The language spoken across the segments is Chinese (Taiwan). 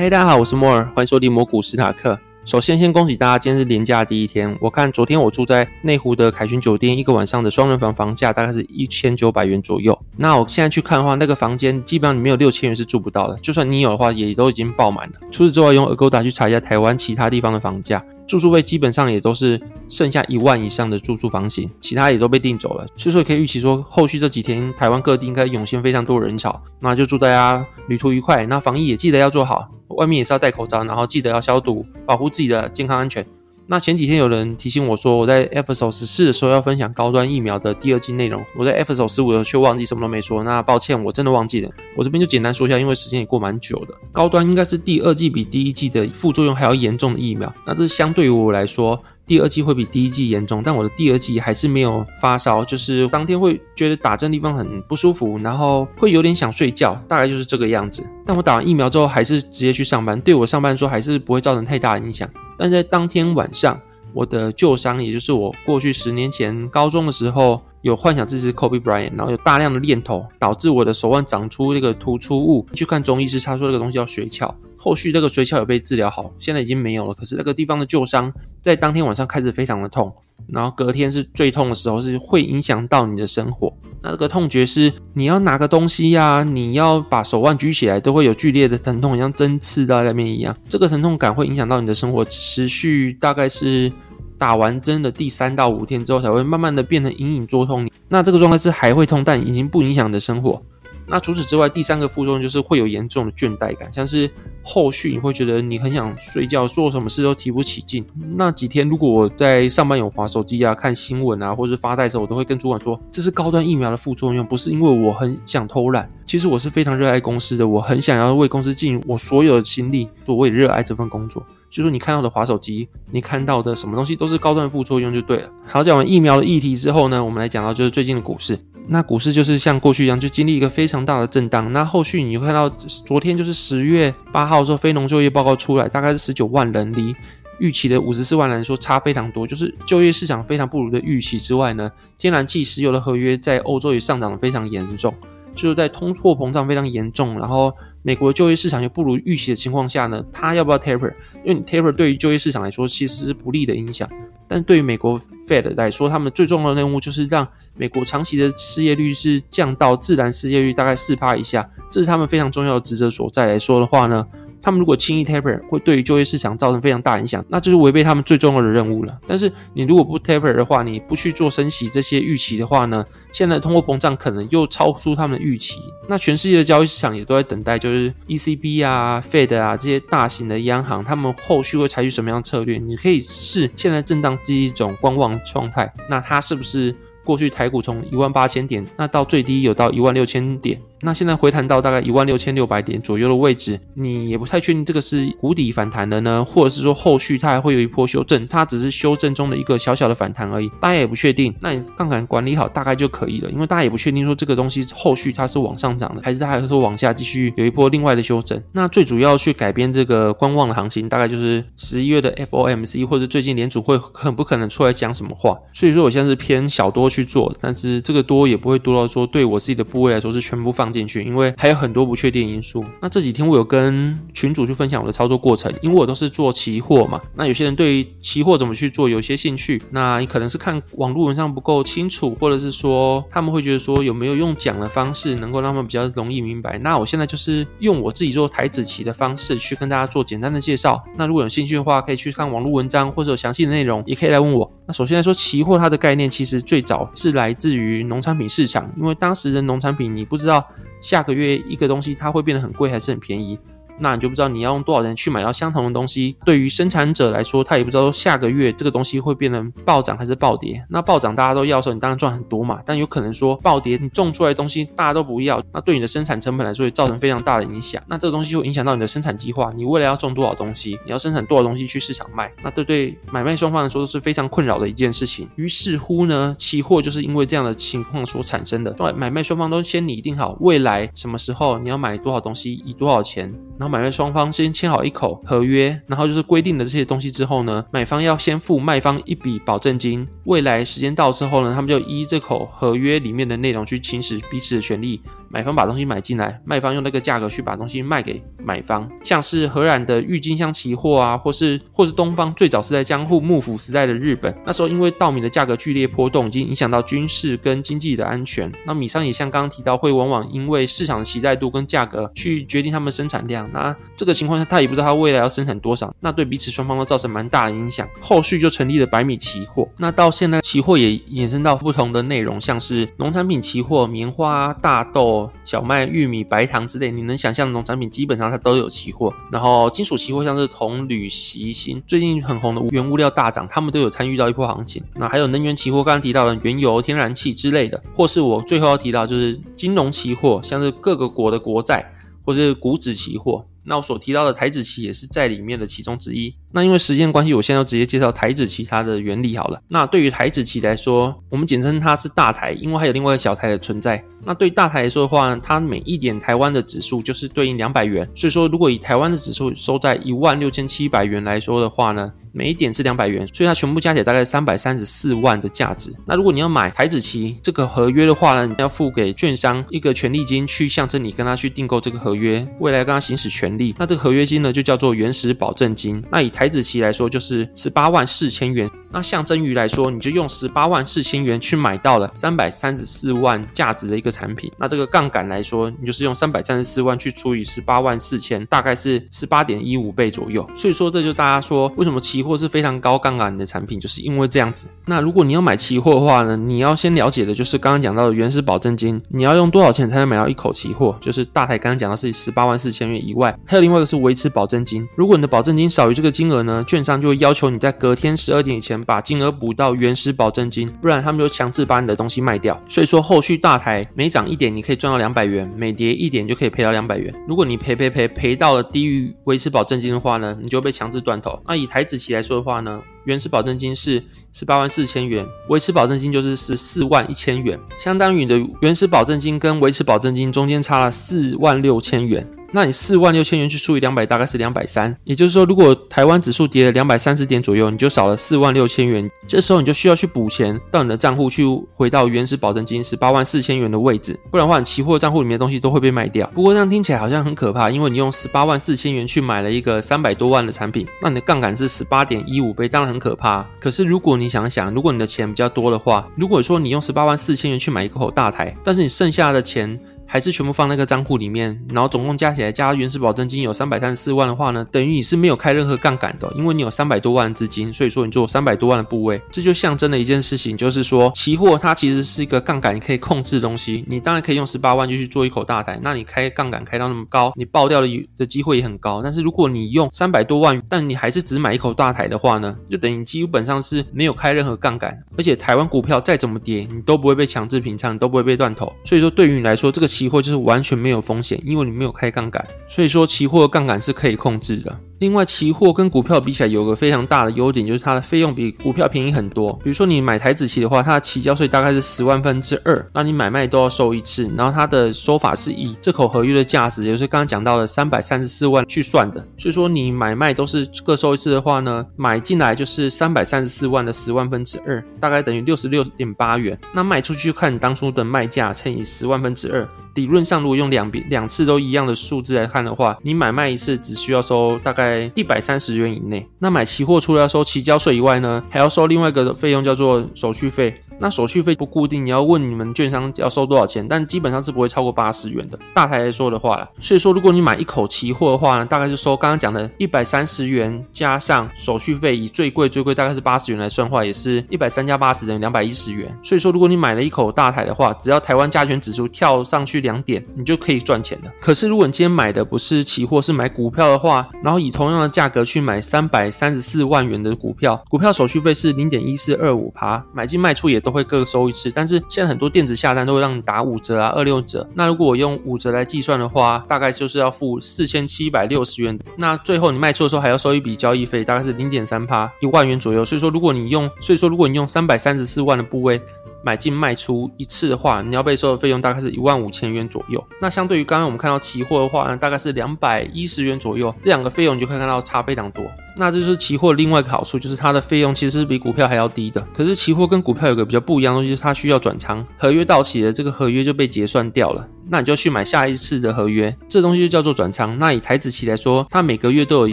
嘿，hey, 大家好，我是摩爾，歡迎收聽蘑菇史塔克。首先，先恭喜大家，今天是連假第一天。我看昨天我住在內湖的凱旋酒店，一個晚上的雙人房房價大概是一千九百元左右。那我現在去看的話，那個房間基本上你沒有六千元是住不到的，就算你有的話，也都已經爆滿了。除此之外，用 Agoda 去查一下台灣其他地方的房價，住宿費基本上也都是剩下一萬以上的住宿房型，其他也都被訂走了。所以說可以預期說，後續這幾天台灣各地應該湧現非常多人潮。那就祝大家旅途愉快，那防疫也記得要做好。外面也是要戴口罩，然後記得要消毒，保護自己的健康安全。那前幾天有人提醒我說，我在 episode 十四的時候要分享高端疫苗的第二劑內容，我在 episode 十五的時候卻忘記什麼都沒說。那抱歉，我真的忘記了。我這邊就簡單說一下，因為時間也過蠻久的。高端應該是第二劑比第一劑的副作用還要嚴重的疫苗。那這相對於我來說。第二劑會比第一劑嚴重，但我的第二劑還是沒有發燒，就是當天會覺得打針地方很不舒服，然後會有點想睡覺，大概就是這個樣子。但我打完疫苗之後還是直接去上班，對我上班說還是不會造成太大的影響。但在當天晚上，我的舊傷，也就是我過去十年前高中的時候有幻想自己是 Kobe Bryant，然後有大量的念頭，導致我的手腕長出這個突出物。去看中醫師，他說這個東西叫水殼後續這個水泡有被治療好，現在已經沒有了。可是那個地方的舊傷，在當天晚上開始非常的痛，然後隔天是最痛的時候，是會影響到你的生活。那這個痛覺是你要拿個東西呀、啊，你要把手腕舉起來，都會有劇烈的疼痛，像針刺到那邊一樣。這個疼痛感會影響到你的生活，持續大概是打完針的第三到五天之後，才會慢慢的變成隱隱作痛你。那這個狀態是還會痛，但已經不影響你的生活。那除此之外，第三個副作用就是會有嚴重的倦怠感，像是後續你會覺得你很想睡覺，做什麼事都提不起勁。那幾天如果我在上班有滑手機啊、看新聞啊，或者發呆的時候，我都會跟主管說，這是高端疫苗的副作用，不是因為我很想偷懶。其實我是非常熱愛公司的，我很想要為公司盡我所有的心力，所謂熱愛這份工作。就是你看到的滑手機，你看到的什麼東西都是高端副作用就對了。好，講完疫苗的議題之後呢，我們來講到就是最近的股市。那股市就是像過去一樣，就經歷一個非常大的震盪。那後續你會看到昨天就是十月八號說非農就業報告出來，大概是十九萬人，離預期的五十四萬人說差非常多，就是就業市場非常不如的預期之外呢，天然氣、石油的合約在歐洲也上漲的非常嚴重，就是在通貨膨脹非常嚴重，然後。美國就業市場又不如預期的情況下呢，他要不要 taper？因為 taper 對於就業市場來說其實是不利的影響，但對於美國 Fed 來說，他們最重要的任務就是讓美國長期的失業率是降到自然失業率大概四趴以下，這是他們非常重要的職責所在。來說的話呢？他們如果輕易 taper，會對於就業市場造成非常大影響，那就是違背他們最重要的任務了。但是你如果不 taper 的話，你不去做升息這些預期的話呢？現在通貨膨脹可能又超出他們的預期，那全世界的交易市場也都在等待，就是 ECB 啊、Fed 啊這些大型的央行，他們後續會採取什麼樣的策略？你可以視現在震盪這一種觀望狀態，那它是不是過去台股從一萬八千點，那到最低有到一萬六千點？那現在回彈到大概一萬六千六百點左右的位置，你也不太確定這個是谷底反彈的呢，或者是說後續它還會有一波修正，它只是修正中的一個小小的反彈而已，大家也不確定。那你槓桿管理好大概就可以了，因為大家也不確定說這個東西後續它是往上漲的，還是它還會說往下繼續有一波另外的修正。那最主要去改變這個觀望的行情，大概就是十一月的 FOMC 或者最近聯儲會很不可能出來講什麼話，所以說我現在是偏小多去做，但是這個多也不會多到說對我自己的部位來說是全部放進去，因為還有很多不確定因素。那這幾天我有跟群組去分享我的操作過程，因為我都是做期貨嘛。那有些人對於期貨怎麼去做有些興趣，那你可能是看網絡文章不夠清楚，或者是說他們會覺得說有沒有用講的方式能夠讓他們比較容易明白。那我現在就是用我自己做台指期的方式去跟大家做簡單的介紹。那如果有興趣的話，可以去看網絡文章，或者有詳細的內容也可以來問我。那首先來說，期貨它的概念其實最早是來自於農產品市場，因為當時的農產品你不知道。下個月一個東西，它會變得很貴，還是很便宜？那你就不知道你要用多少人去買到相同的東西。對於生產者來說，他也不知道說下個月這個東西會變成暴漲還是暴跌。那暴漲大家都要的時候，你當然賺很多嘛。但有可能說暴跌，你種出來的東西大家都不要，那對你的生產成本來說也造成非常大的影響。那這個東西就會影響到你的生產計劃，你未來要種多少東西，你要生產多少東西去市場賣。那這對，對買賣雙方來說都是非常困擾的一件事情。於是乎呢，期貨就是因為這樣的情況所產生的。買賣雙方都先擬定好未來什麼時候你要買多少東西，以多少錢，然後。買賣雙方先簽好一口合約，然後就是規定了這些東西之後呢，買方要先付賣方一筆保證金，未來時間到之後呢，他們就依這口合約裡面的內容去行使彼此的權利。買方把東西買進來，賣方用那個價格去把東西賣給買方，像是荷蘭的鬱金香期貨啊，或是或是東方最早是在江戶幕府時代的日本，那時候因為稻米的價格劇烈波動，已經影響到軍事跟經濟的安全。那米商也像剛剛提到，會往往因為市場的期待度跟價格去決定他們生產量。那這個情況下，他也不知道他未來要生產多少，那對彼此雙方都造成蠻大的影響。後續就成立了白米期貨。那到現在期貨也衍生到不同的內容，像是農產品期貨，棉花、大豆。小麥、玉米、白糖之類，你能想象的農產品，基本上它都有期貨。然後金屬期貨，像是銅、鋁、錫、鋅，最近很紅的原物料大漲，他們都有參與到一波行情。那還有能源期貨，剛剛提到的原油、天然氣之類的，或是我最後要提到的就是金融期貨，像是各個國的國債，或是股指期貨。那我所提到的台指期也是在裡面的其中之一。那因為時間關係，我現在就直接介紹台指期它的原理好了。那對於台指期來說，我們簡稱它是大台，因為還有另外一個小台的存在。那對大台來說的話呢，它每一點台灣的指數就是對應兩百元，所以說如果以台灣的指數收在一萬六千七百元來說的話呢，每一點是兩百元，所以它全部加起來大概三百三十四萬的價值。那如果你要買台指期這個合約的話呢，你要付給券商一個權利金去象徵你跟他去訂購這個合約，未來跟他行使權利，那這個合約金呢就叫做原始保證金。那以台指期來說就是十八萬四千元，那象徵魚來說，你就用十八萬四千元去買到了三百三十四萬價值的一個產品，那這個槓桿來說，你就是用三百三十四萬去除以十八萬四千，大概是十八點一五倍左右。所以說，這就大家說為什麼期貨是非常高槓桿的產品，就是因為這樣子。那如果你要買期貨的話呢，你要先了解的就是剛剛講到的原始保證金，你要用多少錢才能買到一口期貨？就是大台剛剛講的是十八萬四千元以外，還有另外的是維持保證金，如果你的保證金少於這個金。金額呢，券商就會要求你在隔天十二點以前把金額補到原始保證金，不然他們就強制把你的東西賣掉。所以說後續大台每漲一點，你可以賺到兩百元；每跌一點就可以賠到兩百元。如果你賠賠賠賠到了低於維持保證金的話呢，你就會被強制斷頭。那、啊、以台指期來說的話呢，原始保證金是十八萬四千元，維持保證金就是十四萬一千元，相當於你的原始保證金跟維持保證金中間差了四萬六千元。那你四萬六千元去除以兩百，大概是兩百三。也就是說，如果台灣指數跌了兩百三十點左右，你就少了四萬六千元。這時候你就需要去補錢到你的賬戶，去回到原始保證金十八萬四千元的位置。不然的話，你期貨賬戶裡面的東西都會被賣掉。不過這樣聽起來好像很可怕，因為你用十八萬四千元去買了一個三百多萬的產品，那你的槓桿是十八點一五倍，當然很可怕。可是如果你想想，如果你的錢比較多的話，如果說你用十八萬四千元去買一口大台，但是你剩下的錢，還是全部放在那個賬戶裡面，然後總共加起來加原始保證金有三百三十四萬的話呢，等於你是沒有開任何槓桿的，因為你有三百多萬的資金，所以說你做三百多萬的部位。這就象徵了一件事情，就是說期貨它其實是一個槓桿，你可以控制的東西。你當然可以用十八萬就去做一口大台，那你開槓桿開到那麼高，你爆掉的的機會也很高。但是如果你用三百多萬，但你還是只買一口大台的話呢，就等於基本上是沒有開任何槓桿，而且台灣股票再怎麼跌，你都不會被強制平倉，都不會被斷頭。所以說對於你來說這個。期貨就是完全沒有風險，因為你沒有開槓桿，所以說期貨的槓桿是可以控制的。另外，期貨跟股票比起來，有個非常大的優點，就是它的費用比股票便宜很多。比如說，你買台指期的話，它的期交稅大概是十萬分之二，10, 那你買賣都要收一次。然後它的收法是以這口合約的價值，也就是剛剛講到的三百三十四萬去算的。所以說，你買賣都是各收一次的話呢，買進來就是三百三十四萬的十萬分之二，10, 大概等於六十六點八元。那賣出去看你當初的賣價乘以十萬分之二，理論上如果用兩邊兩次都一樣的數字來看的話，你買賣一次只需要收大概。在一百三十元以內，那買期貨除了要收期交稅以外呢，還要收另外一個費用，叫做手續費。那手續費不固定，你要問你們券商，要收多少錢，但基本上是不會超過八十元的。大台來說的話啦，所以說如果你買一口期貨的話呢，大概是收剛剛講的一百三十元加上手續費，以最貴最貴大概是八十元來算話，也是一百三加八十等於兩百一十元。所以說如果你買了一口大台的話，只要台灣加權指數跳上去兩點，你就可以賺錢了。可是如果你今天買的不是期貨，是買股票的話，然後以同樣的價格去買三百三十四萬元的股票，股票手續費是零點一四二五趴，買進賣出也都。會各收一次，但是現在很多電子下單都會讓你打五折啊、二六折。那如果我用五折來計算的話，大概就是要付四千七百六十元。那最後你賣出的時候還要收一筆交易費，大概是零點三趴一萬元左右。所以說，如果你用，所以說如果你用三百三十四萬的部位，買進賣出一次的話，你要被收的費用大概是一萬五千元左右。那相對於剛剛我們看到期貨的話呢，大概是兩百一十元左右。這兩個費用你就可以看到差非常多。那這就是期貨另外一個好處，就是它的費用其實是比股票還要低的。可是期貨跟股票有個比較不一樣的東西，就是它需要轉倉，合約到期了，這個合約就被結算掉了。那你就去買下一次的合約，這東西就叫做轉倉。那以台指期來說，它每個月都有一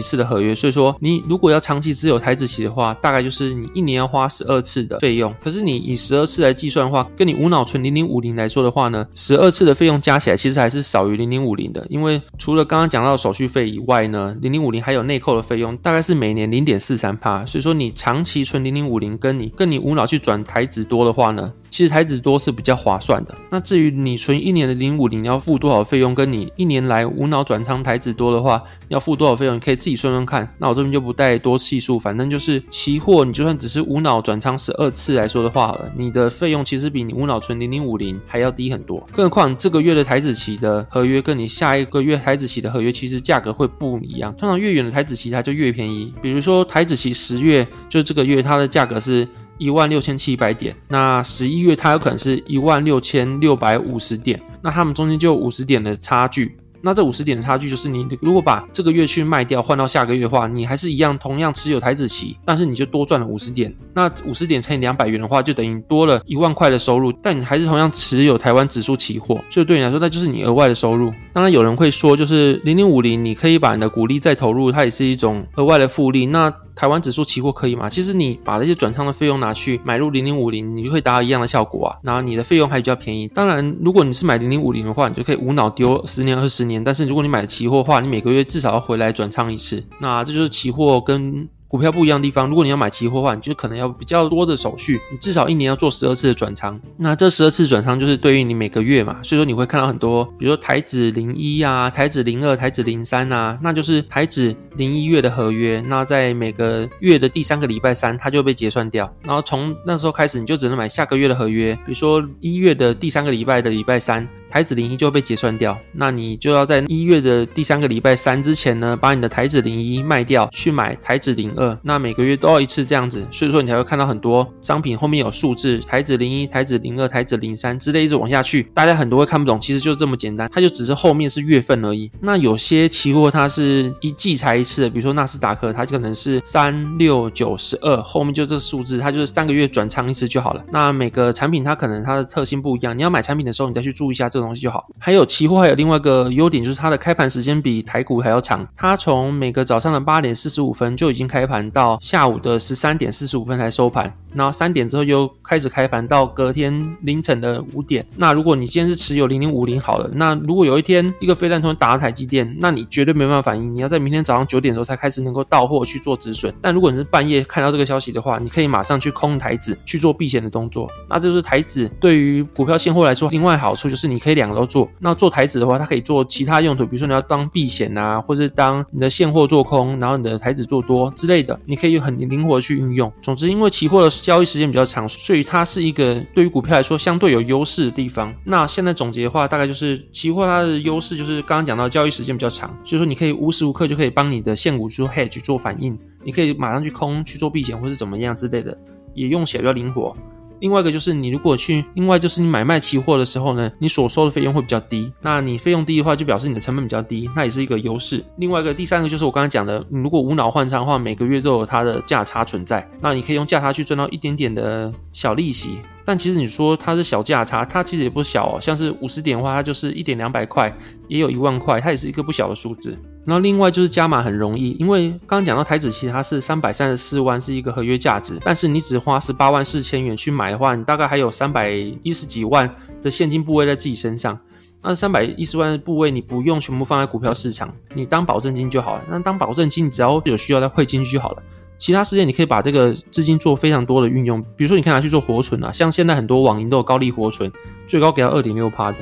次的合約，所以說你如果要長期持有台指期的話，大概就是你一年要花十二次的費用。可是你以十二次來計算的話，跟你無腦存零零五零來說的話呢，十二次的費用加起來其實還是少於零零五零的，因為除了剛剛講到的手續費以外呢，零零五零還有內扣的費用，大概是每年零點四三趴。所以說你長期存零零五零，跟你跟你無腦去轉台指多的話呢？其實台指多是比較划算的。那至於你存一年的零五零要付多少費用，跟你一年來無腦轉倉台指多的話要付多少費用，你可以自己算算看。那我這邊就不帶多細數，反正就是期貨，你就算只是無腦轉倉十二次來說的話，好了，你的費用其實比你無腦存零零五零還要低很多。更何況這個月的台指期的合約跟你下一個月台指期的合約其實價格會不一樣，通常越遠的台指期它就越便宜。比如說台指期十月，就這個月它的價格是。一萬六千七百點，那十一月它有可能是一萬六千六百五十點，那它們中間就五十點的差距。那這五十點的差距就是你如果把這個月去賣掉換到下個月的話，你還是一樣同樣持有台指期，但是你就多賺了五十點。那五十點乘以兩百元的話，就等於多了一萬塊的收入。但你還是同樣持有台灣指數期貨，所以對你來說那就是你額外的收入。當然有人會說，就是0050，你可以把你的股利再投入，它也是一種額外的複利。那台灣指數期貨可以嗎？其實你把這些轉倉的費用拿去買入0050，你就會達到一樣的效果啊。然後你的費用還比較便宜。當然，如果你是買0050的話，你就可以無腦丟十年，年、二十年。但是如果你買期貨的話，你每個月至少要回來轉倉一次。那這就是期貨跟股票不一樣的地方。如果你要買期貨的話，你就可能要比較多的手續，你至少一年要做十二次的轉倉。那這十二次轉倉就是對應你每個月嘛，所以說你會看到很多，比如說台指零一啊、台指零二、台指零三啊，那就是台指零一月的合約。那在每個月的第三個禮拜三，它就被結算掉，然後從那時候開始，你就只能買下個月的合約，比如說一月的第三個禮拜的禮拜三。台指零一就被結算掉，那你就要在一月的第三個禮拜三之前呢，把你的台指零一賣掉，去買台指零二。那每個月都要一次這樣子，所以說你才會看到很多商品後面有數字，台指零一、台指零二、台指零三之類一直往下去。大家很多會看不懂，其實就這麼簡單，它就只是後面是月份而已。那有些期貨它是一季才一次的，比如說納斯達克，它就可能是三六九十二，後面就這個數字，它就是三個月轉倉一次就好了。那每個產品它可能它的特性不一樣，你要買產品的時候，你再去注意一下這個。這東西就好，還有期貨還有另外一個優點，就是它的開盤時間比台股還要長。它從每個早上的八點四十五分就已經開盤，到下午的十三點四十五分才收盤，然後三點之後又開始開盤，到隔天凌晨的五點。那如果你今天是持有零零五零好了，那如果有一天一個飛彈突然打了台積電，那你絕對沒辦法反應，你要在明天早上九點的時候才開始能夠到貨去做止損。但如果你是半夜看到這個消息的話，你可以馬上去空台指，去做避險的動作。那這就是台指對於股票現貨來說，另外好處就是你。可以兩個都做。那做台子的話，它可以做其他用途，比如說你要當避險啊，或者當你的現貨做空，然後你的台子做多之類的，你可以很靈活地去運用。總之，因為期貨的交易時間比較長，所以它是一個對於股票來說相對有優勢的地方。那現在總結的話，大概就是期貨它的優勢就是剛剛講到交易時間比較長，所以說你可以無時無刻就可以幫你的現股去做 hedge 做反應，你可以馬上去空去做避險，或是怎麼樣之類的，也用起來比較靈活。另外一個就是你如果去，另外就是你買賣期貨的時候呢，你所收的費用會比較低。那你費用低的話，就表示你的成本比較低，那也是一個優勢。另外一個、第三個就是我剛才講的，你如果無腦換倉的話，每個月都有它的價差存在。那你可以用價差去賺到一點點的小利息。但其實你說它是小價差，它其實也不小哦。像是五十點的話，它就是一點兩百塊，也有一萬塊，它也是一個不小的數字。然後另外就是加碼很容易，因為剛剛講到台指期，它是三百三十四萬是一個合約價值，但是你只花十八萬四千元去買的話，你大概還有三百一十幾萬的現金部位在自己身上。那三百一十萬的部位你不用全部放在股票市場，你當保證金就好了。那當保證金，你只要有需要再匯金就好了。其他時間你可以把這個資金做非常多的運用，比如說你可以拿去做活存啊，像現在很多網銀都有高利活存，最高給到二點六趴的。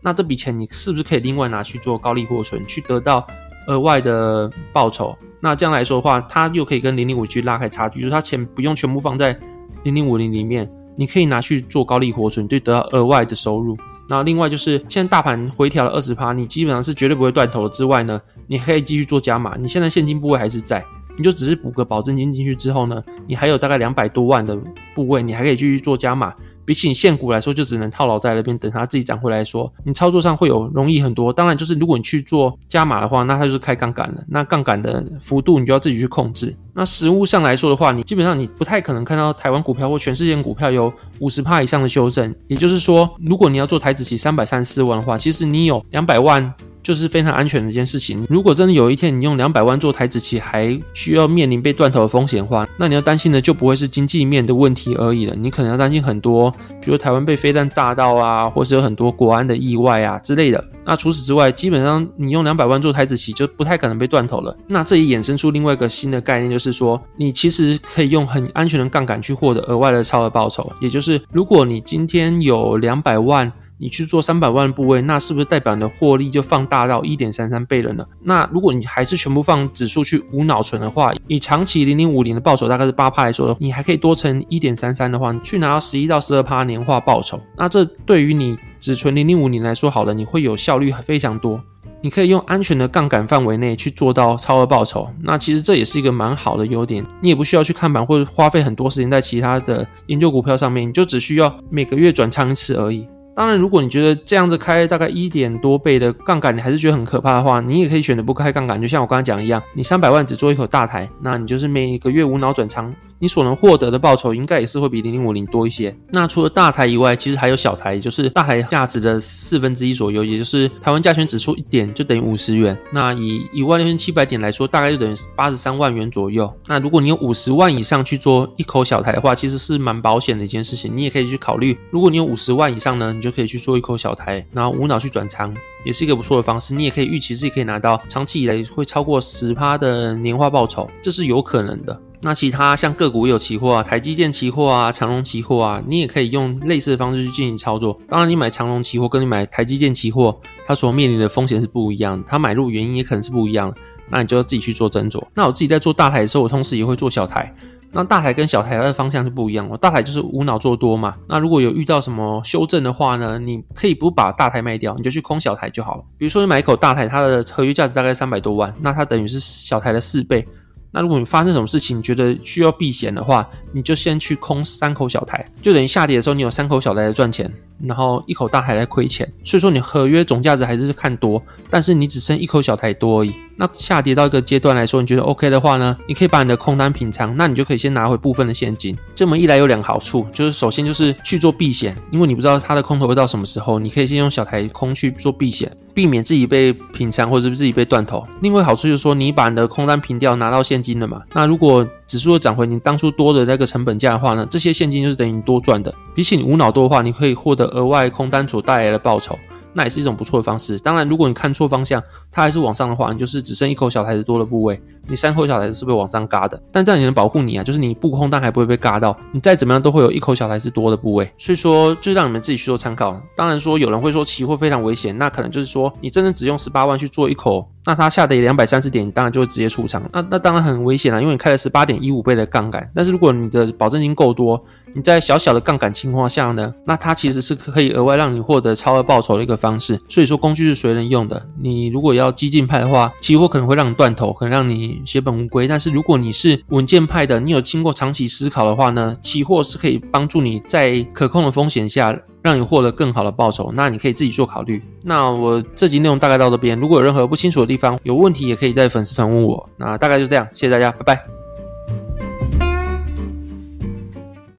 那這筆錢你是不是可以另外拿去做高利活存，去得到？額外的報酬，那這樣來說的話，它又可以跟零零五去拉開差距，就是它錢不用全部放在零零五零裡面，你可以拿去做高利活存，就得到額外的收入。那另外就是現在大盤回調了二十趴，你基本上是絕對不會斷頭的之外呢，你可以繼續做加碼。你現在現金部位還是在，你就只是補個保證金進去之後呢，你還有大概兩百多萬的部位，你還可以繼續做加碼。比起你現股來說，就只能套牢在那邊，等它自己漲回來，來說，說你操作上會有容易很多。當然，就是如果你去做加碼的話，那它就是開槓桿的，那槓桿的幅度你就要自己去控制。那實務上來說的話，你基本上你不太可能看到台灣股票或全世界股票有五十趴以上的修正。也就是說，如果你要做台指期三百三十四萬的話，其實你有兩百萬就是非常安全的一件事情。如果真的有一天你用兩百萬做台指期，還需要面臨被斷頭的風險的話，那你要擔心的就不會是經濟面的問題而已了，你可能要擔心很多，比如說台灣被飛彈炸到啊，或是有很多國安的意外啊之類的。那除此之外，基本上你用兩百萬做台指期就不太可能被斷頭了。那這也衍生出另外一個新的概念，就是說你其實可以用很安全的槓桿去獲得額外的超額報酬。也就是，如果你今天有兩百萬，你去做三百萬的部位，那是不是代表你的獲利就放大到一點三三倍了呢？那如果你還是全部放指數去無腦存的話，你長期零零五零的報酬大概是八趴來說的，你還可以多乘一點三三的話，你去拿到十一到十二趴年化報酬。那這對於你。只存零零五零來說好了，你會有效率非常多。你可以用安全的槓桿範圍內去做到超額報酬。那其實這也是一個蠻好的優點，你也不需要去看盤，或者花費很多時間在其他的研究股票上面，你就只需要每個月轉倉一次而已。當然，如果你覺得這樣子開大概一點多倍的槓桿你還是覺得很可怕的話，你也可以選擇不開槓桿。就像我剛剛講一樣，你三百萬只做一口大台，那你就是每個月無腦轉倉。你所能獲得的報酬應該也是會比零零五零多一些。那除了大台以外，其實還有小台，就是大台價值的四分之一左右，也就是台灣加權指數一點就等於五十元。那以一萬六千七百點來說，大概就等於八十三萬元左右。那如果你有五十萬以上去做一口小台的話，其實是蠻保險的一件事情，你也可以去考慮。如果你有五十萬以上呢，你就可以去做一口小台，然後無腦去轉倉，也是一個不錯的方式。你也可以預期，自己可以拿到長期以來會超過十趴的年化報酬，這是有可能的。那其他像個股也有期貨啊，台積電期貨啊，長榮期貨啊，你也可以用類似的方式去進行操作。當然，你買長榮期貨跟你買台積電期貨，它所面臨的風險是不一樣，它買入原因也可能是不一樣，那你就要自己去做斟酌。那我自己在做大台的時候，我同時也會做小台。那大台跟小台它的方向是不一樣。我大台就是無腦做多嘛。那如果有遇到什麼修正的話呢，你可以不把大台賣掉，你就去空小台就好了。比如說你買一口大台，它的合約價值大概三百多萬，那它等於是小台的四倍。那如果你發生什麼事情，你覺得需要避險的話，你就先去空三口小台，就等於下跌的時候你有三口小台來賺錢，然後一口大台來虧錢。所以說你合約總價值還是看多，但是你只剩一口小台多而已。那下跌到一個階段來說，你覺得 OK 的話呢，你可以把你的空單平倉，那你就可以先拿回部分的現金。這麼一來有兩個好處，就是首先就是去做避險，因為你不知道它的空頭會到什麼時候，你可以先用小台空去做避險。避免自己被平倉，或者是自己被斷頭。另外好處就是說，你把你的空單平掉拿到現金了嘛，那如果指數又漲回你當初多的那個成本價的話呢，這些現金就是等於你多賺的。比起你無腦多的話，你可以獲得額外空單所帶來的報酬，那也是一種不錯的方式。當然，如果你看錯方向，它還是往上的話，你就是只剩一口小台子多的部位，你三口小台子是被往上嘎的，但這樣也能保護你啊，就是你不空單還不會被嘎到，你再怎麼樣都會有一口小台子多的部位，所以說就是、讓你們自己去做參考。當然說有人會說期貨非常危險，那可能就是說你真的只用十八萬去做一口，那它下跌兩百三十點，你當然就會直接出場，那那當然很危險了、啊，因為你開了十八點一五倍的槓桿。但是如果你的保證金夠多，你在小小的槓桿情況下呢，那它其實是可以額外讓你獲得超額報酬的一個方式。所以說工具是隨人用的，你如果要激進派的話，期貨可能會讓你斷頭，可能讓你。血本無歸。但是如果你是穩健派的，你有經過長期思考的話呢，期貨是可以幫助你在可控的風險下，讓你獲得更好的報酬。那你可以自己做考慮。那我這集內容大概到這邊，如果有任何不清楚的地方，有問題也可以在粉絲團問我。那大概就這樣，謝謝大家，拜拜。